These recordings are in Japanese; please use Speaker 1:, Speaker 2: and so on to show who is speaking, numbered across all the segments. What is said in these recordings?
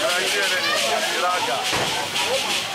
Speaker 1: Grazie, Raga.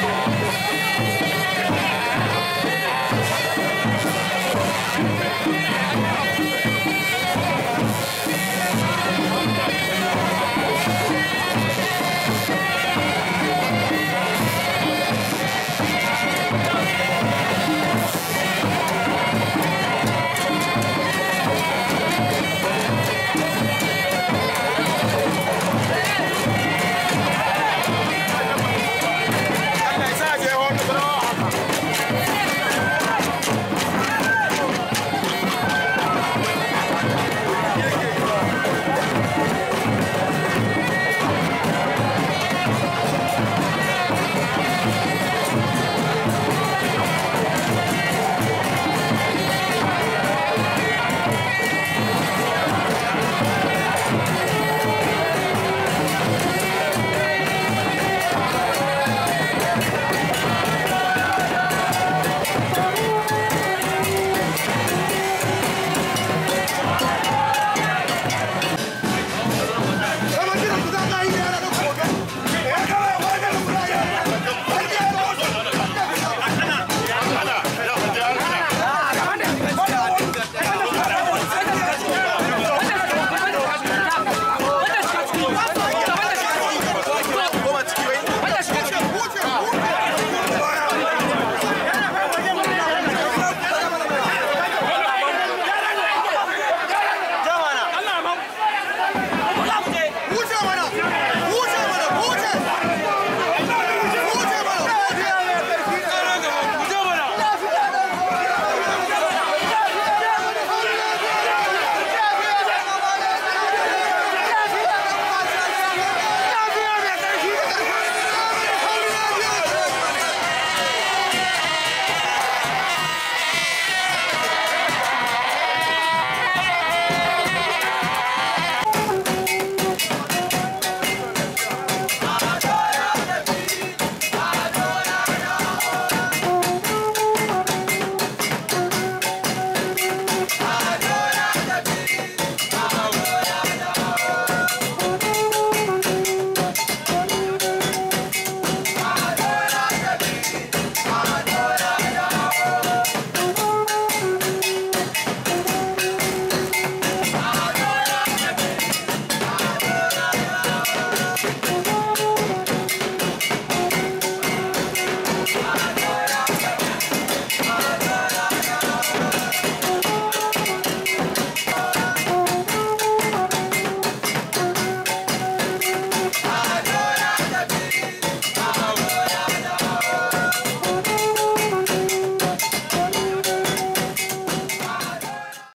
Speaker 1: Yeah!